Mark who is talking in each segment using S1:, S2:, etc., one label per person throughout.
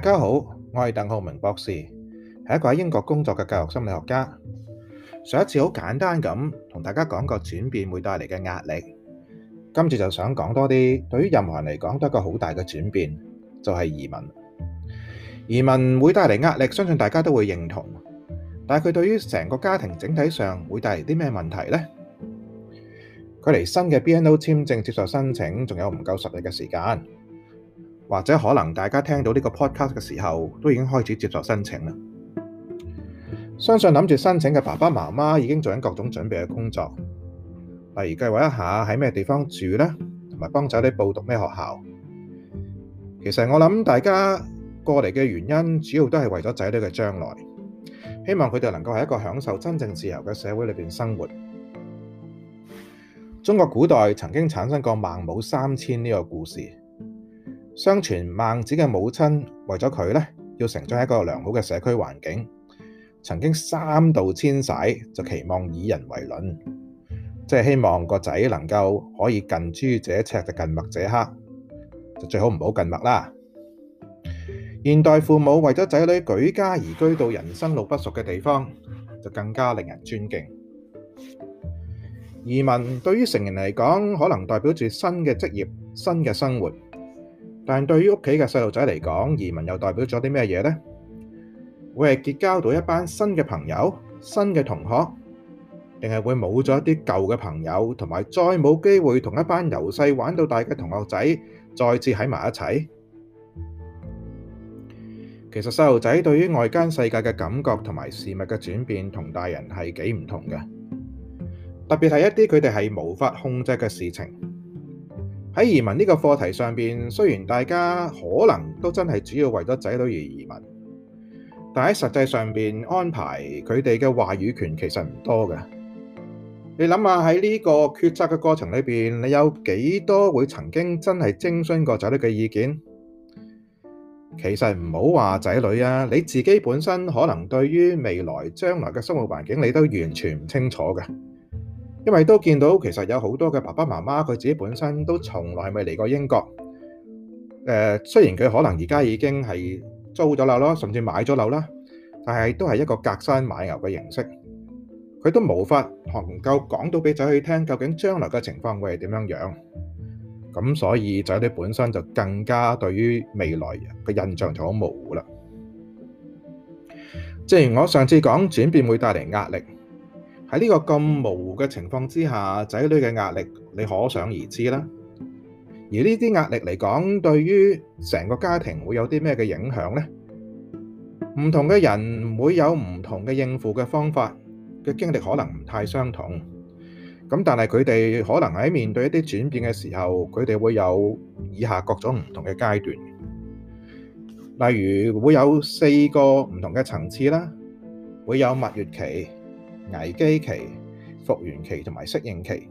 S1: 大家好，我係鄧浩明博士，係一個喺英國工作嘅教育心理學家。上一次好簡單咁同大家講過轉變會帶嚟嘅壓力，今次就想講多啲。對於任何人嚟講，都係一個好大嘅轉變，就係移民。移民會帶嚟壓力，相信大家都會認同。但係佢對於成個家庭整體上會帶嚟啲咩問題呢？距離新嘅 BNO 簽證接受申請仲有唔夠十日嘅時間。或者可能大家聽到呢個 podcast 嘅時候，都已經開始接受申請啦。相信諗住申請嘅爸爸媽媽已經做緊各種準備嘅工作，例如計劃一下喺咩地方住咧，同埋幫仔女報讀咩學校。其實我諗大家過嚟嘅原因，主要都係為咗仔女嘅將來，希望佢哋能夠喺一個享受真正自由嘅社會裏面生活。中國古代曾經產生過孟母三遷呢個故事。相傳孟子嘅母親為咗佢呢要成長喺一個良好嘅社區環境，曾經三度遷徙，就期望以人為鄰，即係希望個仔能夠可以近朱者赤就近墨者黑，就最好唔好近墨啦。現代父母為咗仔女舉家移居到人生路不熟嘅地方，就更加令人尊敬。移民對於成人嚟講，可能代表住新嘅職業、新嘅生活。但係，對於屋企嘅細路仔嚟講，移民又代表咗啲咩嘢呢？會係結交到一班新嘅朋友、新嘅同學，定係會冇咗一啲舊嘅朋友，同埋再冇機會同一班由細玩到大嘅同學仔再次喺埋一齊？其實細路仔對於外間世界嘅感覺同埋事物嘅轉變，同大人係幾唔同嘅，特別係一啲佢哋係無法控制嘅事情。喺移民呢個課題上邊，雖然大家可能都真係主要為咗仔女而移民，但喺實際上邊安排佢哋嘅話語權其實唔多嘅。你諗下喺呢個決策嘅過程裏邊，你有幾多會曾經真係徵詢過仔女嘅意見？其實唔好話仔女啊，你自己本身可能對於未來將來嘅生活環境，你都完全唔清楚嘅。因為都見到其實有好多嘅爸爸媽媽佢自己本身都從來未嚟過英國，呃、雖然佢可能而家已經係租咗樓咯，甚至買咗樓啦，但係都係一個隔山買牛嘅形式，佢都無法能夠講到俾仔女聽究竟將來嘅情況會係點樣樣，咁所以仔女本身就更加對於未來嘅印象就好模糊啦。正如我上次講，轉變會帶嚟壓力。喺呢個咁模糊嘅情況之下，仔女嘅壓力你可想而知啦。而呢啲壓力嚟講，對於成個家庭會有啲咩嘅影響呢？唔同嘅人會有唔同嘅應付嘅方法，嘅經歷可能唔太相同。咁但係佢哋可能喺面對一啲轉變嘅時候，佢哋會有以下各種唔同嘅階段。例如會有四個唔同嘅層次啦，會有蜜月期、危機期、復原期同埋適應期。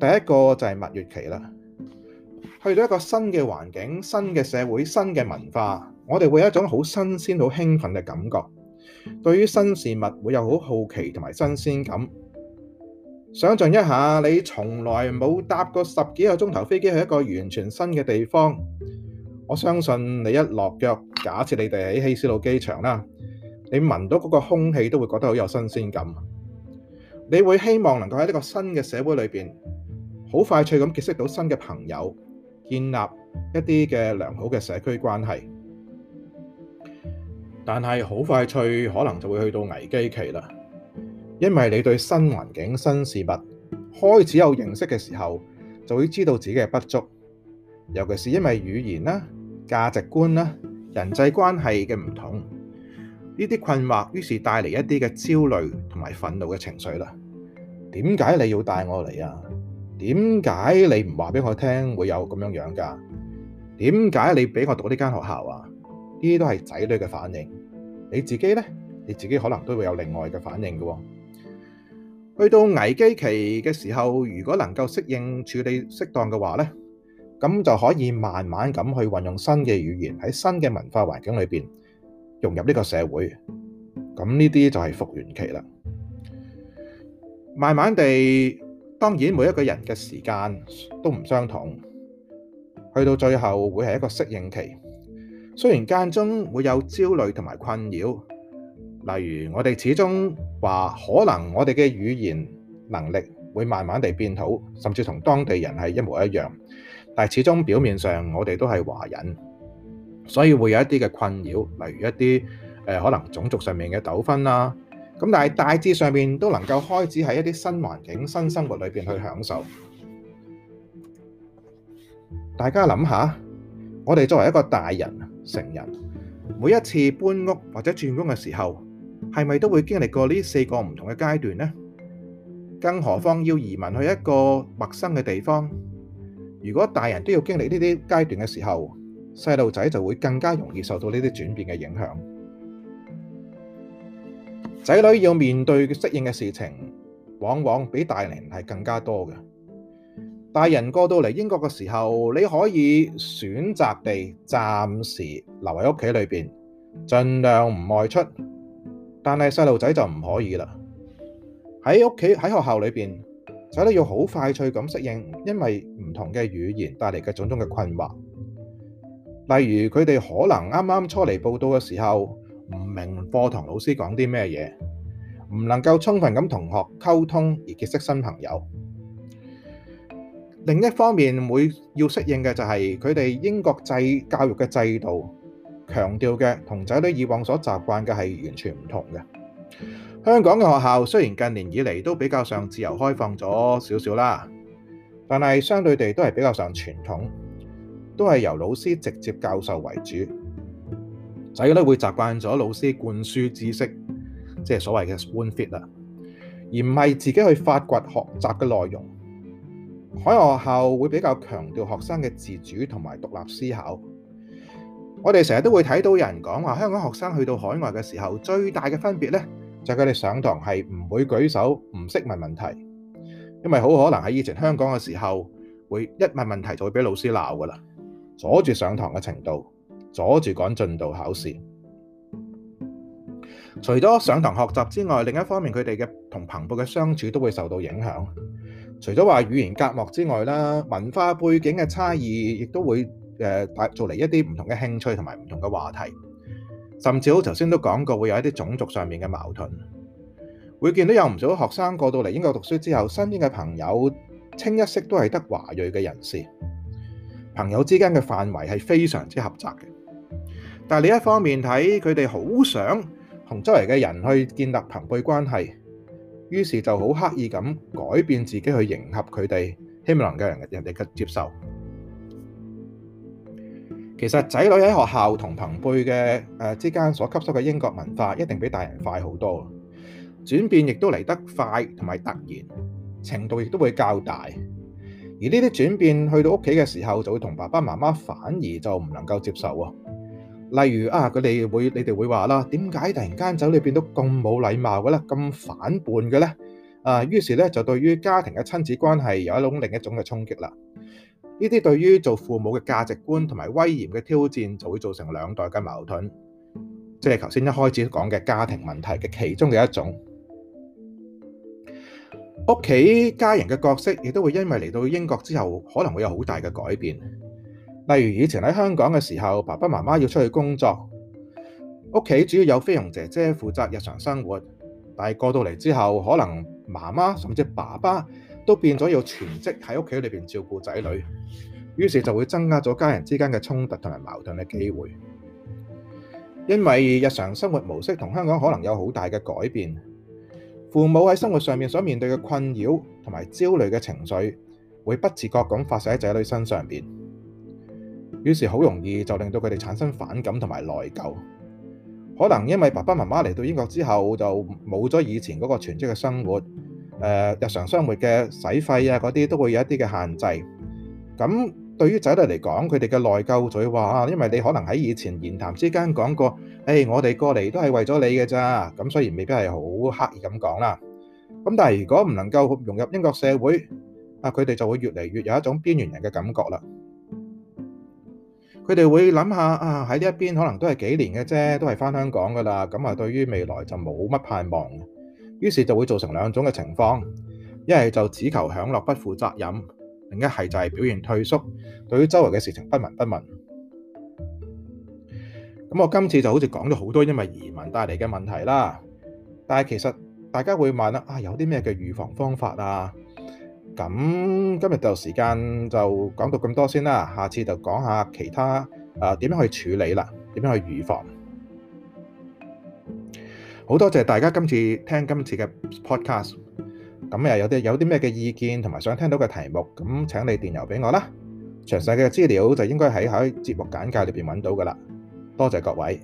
S1: 第一個就係蜜月期啦。去到一個新嘅環境、新嘅社會、新嘅文化，我哋會有一種好新鮮、好興奮嘅感覺。對於新事物會有好好奇同埋新鮮感。想像一下，你從來冇搭過十幾個鐘頭飛機去一個完全新嘅地方，我相信你一落腳，假設你哋喺希斯路機場啦。你聞到嗰個空氣都會覺得好有新鮮感，你會希望能夠喺呢個新嘅社會裏面，好快脆咁結識到新嘅朋友，建立一啲嘅良好嘅社區關係。但係好快脆，可能就會去到危機期啦，因為你對新環境、新事物開始有認識嘅時候，就會知道自己嘅不足，尤其是因為語言啦、價值觀啦、人際關係嘅唔同。呢啲困惑，於是帶嚟一啲嘅焦慮同埋憤怒嘅情緒啦。點解你要帶我嚟啊？點解你唔話俾我聽會有咁樣樣㗎？點解你俾我讀呢間學校啊？呢啲都係仔女嘅反應。你自己咧，你自己可能都會有另外嘅反應嘅。去到危機期嘅時候，如果能夠適應處理適當嘅話咧，咁就可以慢慢咁去運用新嘅語言喺新嘅文化環境裏邊。融入呢個社會，咁呢啲就係復原期啦。慢慢地，當然每一個人嘅時間都唔相同，去到最後會係一個適應期。雖然間中會有焦慮同埋困擾，例如我哋始終話可能我哋嘅語言能力會慢慢地變好，甚至同當地人係一模一樣，但始終表面上我哋都係華人。所以會有一啲嘅困擾，例如一啲可能種族上面嘅糾紛啦。咁但係大致上面都能夠開始喺一啲新環境、新生活裏面去享受。大家諗下，我哋作為一個大人、成人，每一次搬屋或者轉工嘅時候，係咪都會經歷過呢四個唔同嘅階段呢？更何況要移民去一個陌生嘅地方，如果大人都要經歷呢啲階段嘅時候，細路仔就會更加容易受到呢啲轉變嘅影響。仔女要面對適應嘅事情，往往比大人係更加多嘅。大人過到嚟英國嘅時候，你可以選擇地暫時留喺屋企裏邊，盡量唔外出。但係細路仔就唔可以啦。喺屋企喺學校裏邊，仔女要好快脆咁適應，因為唔同嘅語言帶嚟嘅種種嘅困惑。例如佢哋可能啱啱出嚟報到嘅時候，唔明課堂老師講啲咩嘢，唔能夠充分咁同學溝通而結識新朋友。另一方面，會要適應嘅就係佢哋英國制教育嘅制度，強調嘅同仔女以往所習慣嘅係完全唔同嘅。香港嘅學校雖然近年以來都比較上自由開放咗少少啦，但係相對地都係比較上傳統。都係由老師直接教授為主，仔咧會習慣咗老師灌輸知識，即係所謂嘅 spoon feed，而唔係自己去發掘學習嘅內容。海外學校會比較強調學生嘅自主同埋獨立思考。我哋成日都會睇到有人講話，香港學生去到海外嘅時候，最大嘅分別呢，就係佢哋上堂係唔會舉手，唔識問問題，因為好可能喺以前香港嘅時候，會一問問題就會俾老師鬧噶啦。阻住上堂嘅程度，阻住趕進度考試。除咗上堂學習之外，另一方面佢哋嘅同朋輩嘅相處都會受到影響。除咗話語言隔膜之外啦，文化背景嘅差異亦都會誒，帶做嚟一啲唔同嘅興趣同埋唔同嘅話題，甚至好頭先都講過會有一啲種族上面嘅矛盾。會見到有唔少學生過到嚟英國讀書之後，身邊嘅朋友清一色都係得華裔嘅人士。朋友之間嘅範圍係非常之狹窄嘅，但另一方面睇佢哋好想同周圍嘅人去建立朋輩關係，於是就好刻意咁改變自己去迎合佢哋，希望能夠人人哋接受。其實仔女喺學校同朋輩嘅之間所吸收嘅英國文化，一定比大人快好多，轉變亦都嚟得快同埋突然程度亦都會較大。而呢啲轉變去到屋企嘅時候，就會同爸爸媽媽反而就唔能夠接受啊。例如啊，佢哋會你哋會話啦，點解突然間走你變到咁冇禮貌嘅咧，咁反叛嘅咧？啊，於是咧就對於家庭嘅親子關係有一種另一種嘅衝擊啦。呢啲對於做父母嘅價值觀同埋威嚴嘅挑戰，就會造成兩代嘅矛盾，即係頭先一開始講嘅家庭問題嘅其中嘅一種。屋企家人嘅角色亦都會因為嚟到英國之後，可能會有好大嘅改變。例如以前喺香港嘅時候，爸爸媽媽要出去工作，屋企主要有菲傭姐姐負責日常生活。但係過到嚟之後，可能媽媽甚至爸爸都變咗要全職喺屋企裏面照顧仔女，於是就會增加咗家人之間嘅衝突同埋矛盾嘅機會，因為日常生活模式同香港可能有好大嘅改變。父母喺生活上面所面對嘅困擾同埋焦慮嘅情緒，會不自覺咁發泄喺子女身上面，於是好容易就令到佢哋產生反感同埋內疚。可能因為爸爸媽媽嚟到英國之後就冇咗以前嗰個全職嘅生活，呃，日常生活嘅使費啊嗰啲都會有一啲嘅限制，咁。對於仔女嚟講，佢哋嘅內疚就會話啊，因為你可能喺以前言談之間講過，誒，我哋過嚟都係為咗你嘅咋，咁雖然未必係好刻意咁講啦。咁但係如果唔能夠融入英國社會，啊，佢哋就會越嚟越有一種邊緣人嘅感覺啦。佢哋會諗下啊，喺呢一邊可能都係幾年嘅啫，都係翻香港噶啦，咁啊，對於未來就冇乜盼望。於是就會造成兩種嘅情況，一係就只求享樂，不負責任。另一係就係表現退縮，對於周圍嘅事情不聞不問。咁我今次就好似講咗好多因為移民帶嚟嘅問題啦。但係其實大家會問啦，啊有啲咩嘅預防方法啊？咁今日就時間就講到咁多先啦。下次就講下其他啊點樣去處理啦，點樣去預防。好多謝大家今次聽今次嘅 podcast。咁又有啲有咩嘅意見同埋想聽到嘅題目，咁請你電郵俾我啦。詳細嘅資料就應該喺喺節目簡介裏面揾到㗎喇。多謝各位。